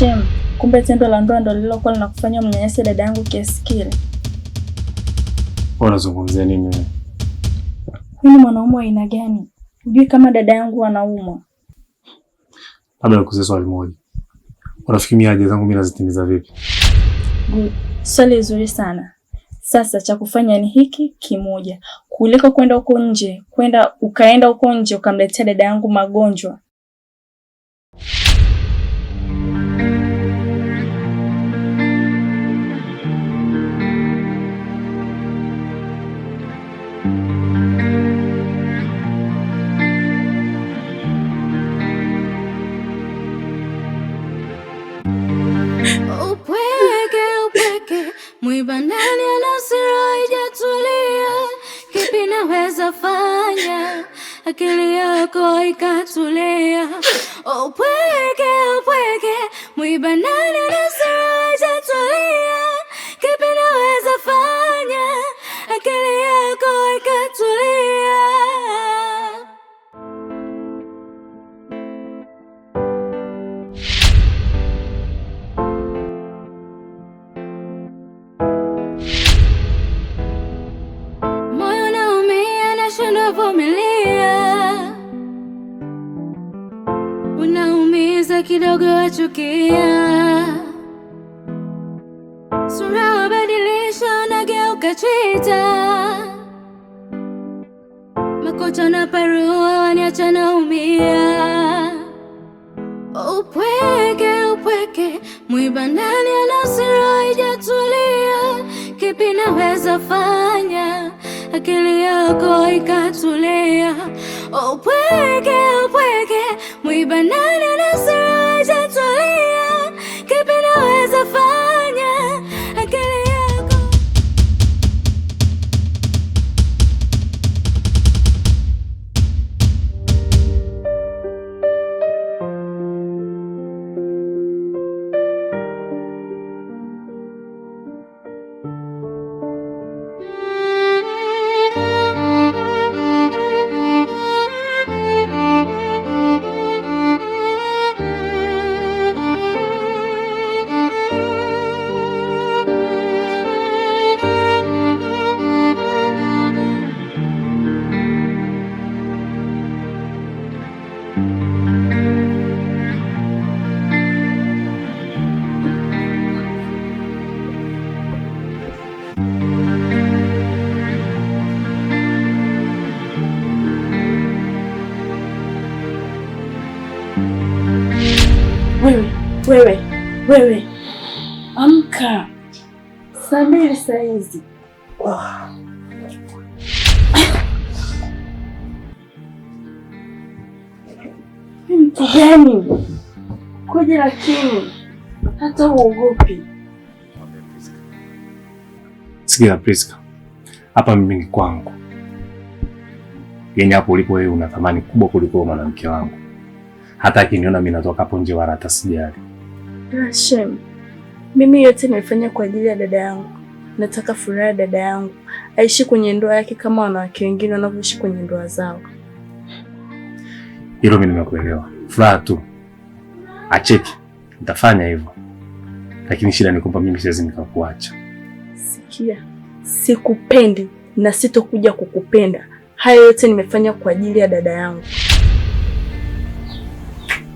Shem, kumbe tendo la ndoa ndo lililokuwa linakufanya mnyanyase dada yangu kiasi kile. Unazungumzia nini Huyu mwanaume wa aina gani? Hujui kama dada yangu anaumwa? Labda nikuulize swali moja, unafikiri mimi haja zangu mimi nazitimiza vipi? Good. Swali zuri sana. Sasa cha kufanya ni hiki kimoja, kuliko kwenda huko nje, kwenda ukaenda huko nje ukamletea dada yangu magonjwa Oh, puede que, puede que, muy banana de ser. unaumiza kidogo, wachukia sura, wabadilisha, unageuka chita, makocha na parua, waniacha naumia. Upweke upweke, mwiba ndani ana sura kipi naweza fanya akili yako ikatulia? Upweke Wewe, wewe, wewe, amka Samiri saizi. Oh. Mtu gani kuja, lakini hata uogopi. Sikia Priska, hapa mimi ni kwangu, yenye hapo ulipo wewe una thamani kubwa kuliko mwanamke wangu hata akiniona mimi natoka hapo nje wala atasijali. Rashim, ah, mimi yote nimefanya kwa ajili ya dada yangu. Nataka furaha ya dada yangu aishi kwenye ndoa yake kama wanawake wengine wanavyoishi kwenye ndoa zao. Hilo mimi nimekuelewa, furaha tu acheki, nitafanya hivyo, lakini shida ni kwamba mimi siwezi nikakuacha. Sikia, sikupendi na sitokuja kukupenda. Hayo yote nimefanya kwa ajili ya dada yangu.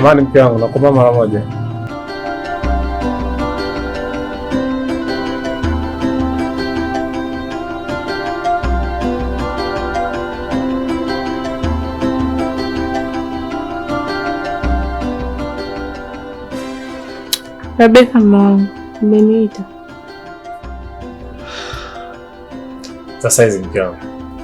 Amani, mke wangu, nakupa mara moja. Rebeka, mwangu, umeniita sasa hizi? Mke wangu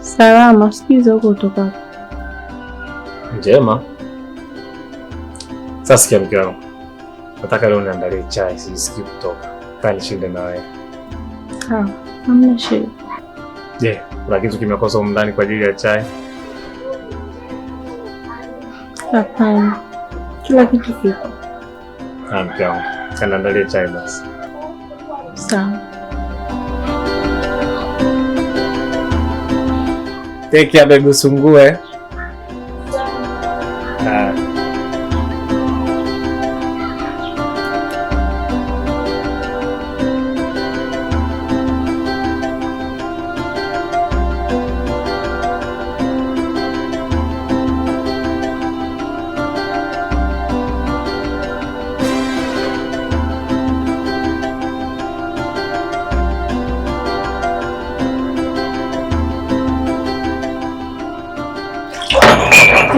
salama, sijui huko utoka njema sasa sikia, mke wangu, nataka leo niandalie chai, sijisikii kutoka. Nataka nishinde na wewe. Ah, hamna shida. Je, kuna kitu kimekosa humu ndani kwa ajili ya chai? Hapana, kila kitu kiko. Haa, mke wangu, kaniandalie chai basi. Sawa. Take care baby, usungue.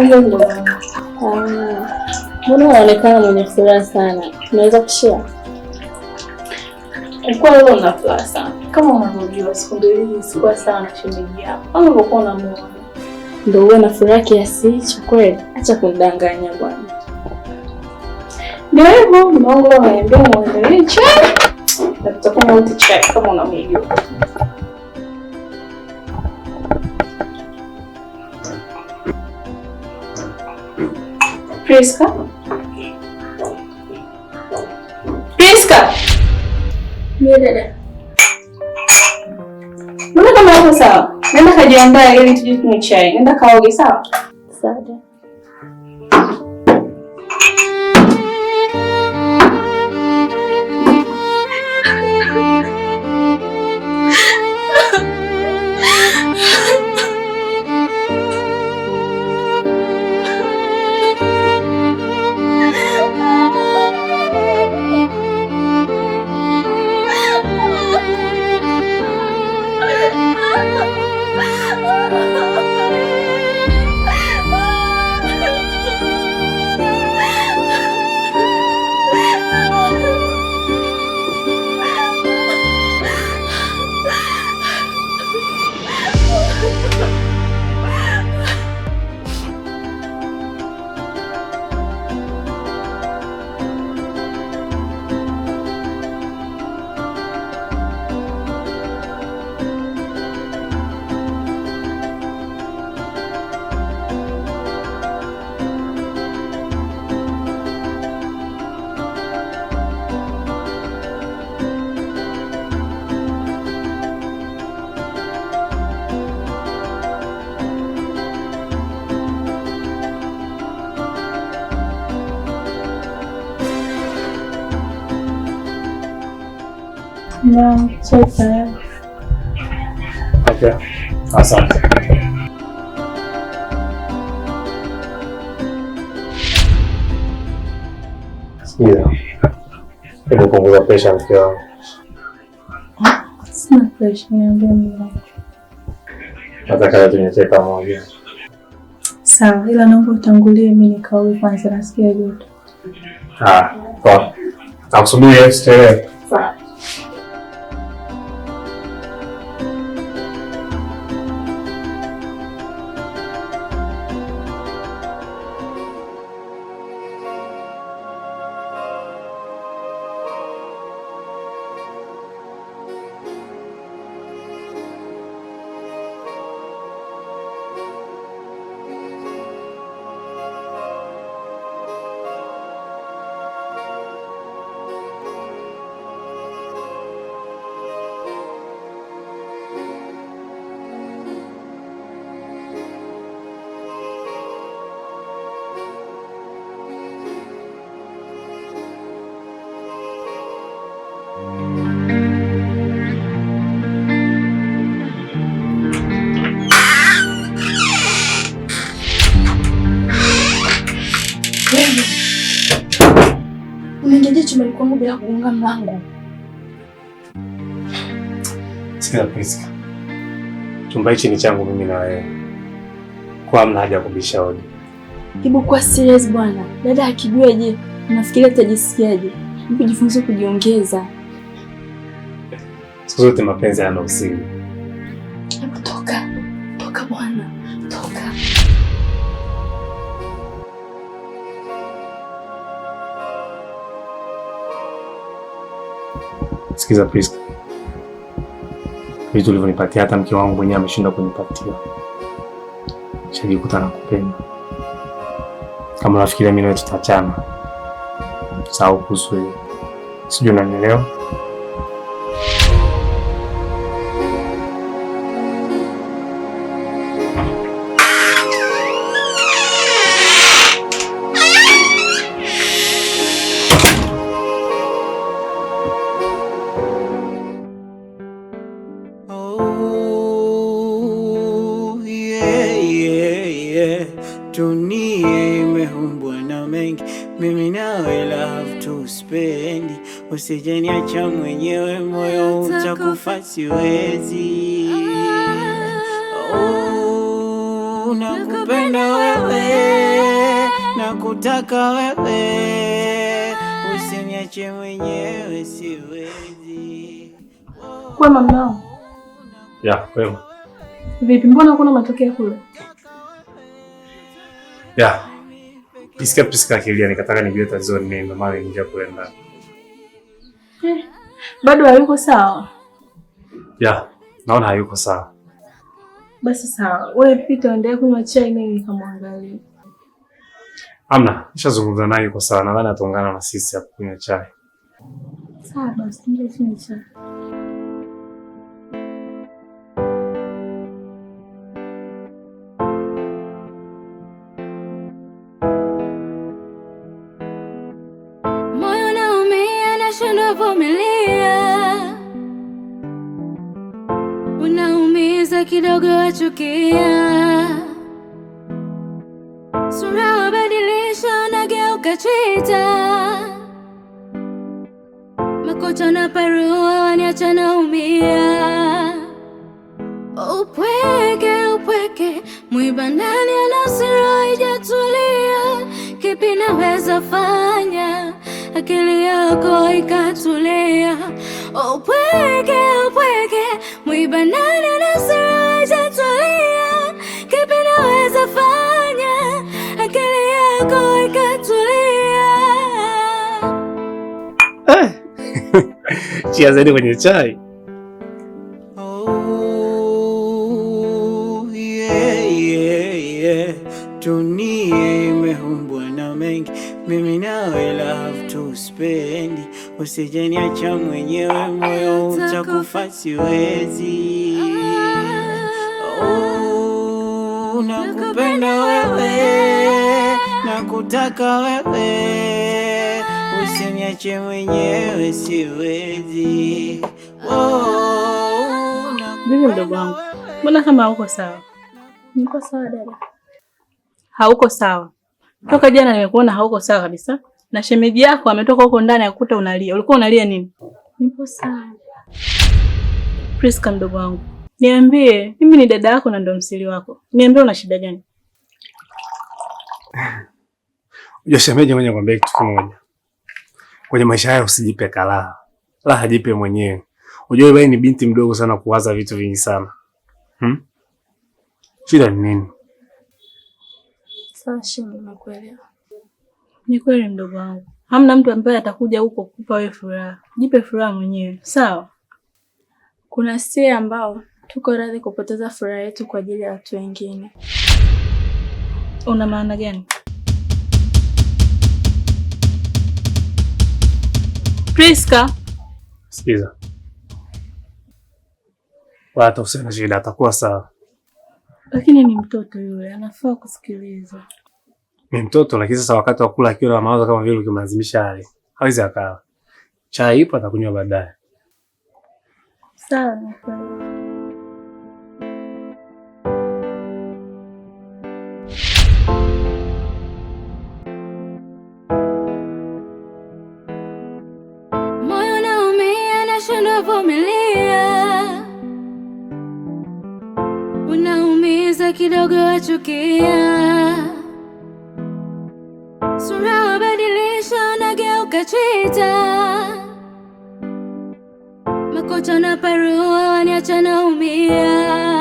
Mbona unaonekana mwenye furaha sana? Unaweza kushia Ulikuwa wewe una furaha sana. Kama unavyojua siku mbili sikuwa sana shemeji yako. Kama ulikuwa moyo. Ndio uwe na furaha kiasi hicho kweli? Acha kudanganya bwana. Ndio hivyo, mwanangu ananiambia muendelee chai. Na tutakuwa na uti chai kama unamjua. Priska? Priska? Ndio dada. Mbona kama uko sawa? Nenda kajiandae ili tuje tunywe chai. Nenda kaoge, sawa? tunacheka. Okay, asante. Sikiza, hebu punguza presha mke wangu. Sina presha, niambia mwanangu. Hata kama tunacheka pamoja. Sawa, ila naomba utangulie mimi nikaoge kwanza, nasikia joto. Ah, poa. Nakusubiri, usitelewe. bila kugonga mlango. Sikia Priska, chumba hichi ni changu mimi na wewe, kwa hamna haja ya kubisha hodi. Hebu kwa serious bwana. Dada akijua, je, unafikiria atajisikiaje? Hebu jifunze kujiongeza. Siku zote mapenzi yana usiri. Sikiza Priska, vitu ulivyonipatia hata mke wangu mwenyewe ameshindwa kunipatia. Shajikuta kupenda Kama unafikiria mimi nawe tutaachana, sahau kuhusu hiyo, sijui unanielewa. oh, yeah, yeah, yeah. Dunia imeumbwa na mengi, mimi nawe love to spend. Usijeniacha mwenyewe, moyo utakufa, siwezi. Ah, oh, nakupenda wewe, nakutaka wewe, usiniache mwenyewe, siwezi. Kwa mamao ya, kwema. Vipi, mbona hakuna matokeo kule? Ya. Pisika pisika kilia nikataka nijue tatizo ni nini, maana nje kule ndani. Eh, bado hayuko sawa. Ya, naona hayuko sawa. Basi sawa. Wewe pita uendelee kunywa chai mimi nikamwangalie. Amna, nishazungumza naye yuko sawa. Nadhani ataungana na sisi hapo kunywa chai. Sawa basi, ndio chai. kidogo sura wabadilisha, nageuka chita, makocha na parua waniacha naumia. Upweke upweke, mwiba ndani ana siri Kipi naweza fanya akili yako ikatulia? Upweke upweke, mwiba ndani ana kufanya akili yako ikatulia. Eh. Chia zaidi kwenye chai. Oh, Dunia imeumbwa na mengi, mimi nawe la usijeniacha mwenyewe, moyo utakufa siwezi kupenda wewe, na kutaka wewe, usiniache mwenyewe, siwezi. Vivi oh, mdogo wangu, mbona kama hauko sawa? Niko sawa dada. Hauko sawa toka jana, nimekuona hauko sawa kabisa, na shemeji yako ametoka huko ndani akukuta unalia. Ulikuwa unalia nini? Nipo sawa. Priska mdogo wangu Niambie, mimi ni dada yako na ndo msiri wako. Niambie una shida gani? Jashemeje mwenye kwambia kitu kimoja. Kwenye maisha haya usijipe kalaha. Laha jipe mwenyewe. Unajua wewe ni binti mdogo sana kuwaza vitu vingi sana. Hmm? Shida ni nini? Sasa Ni kweli mdogo wangu. Hamna mtu ambaye atakuja huko kukupa wewe furaha. Jipe furaha mwenyewe. Sawa? Kuna sie ambao Tuko radhi kupoteza furaha yetu kwa ajili ya watu wengine. Una maana gani? Priska, sikiza, hata useme shida, atakuwa sawa. Lakini ni mtoto yule, anafaa kusikiliza. Ni mtoto, lakini sasa wakati wa kula akiwa na mawazo kama vile ukimlazimisha ale, hawezi akawa. Chai ipo, atakunywa baadaye. Sawa. unavumilia, unaumiza kidogo, wachukia, sura wabadilisha, unageuka chita, makocha na parua, waniacha naumia.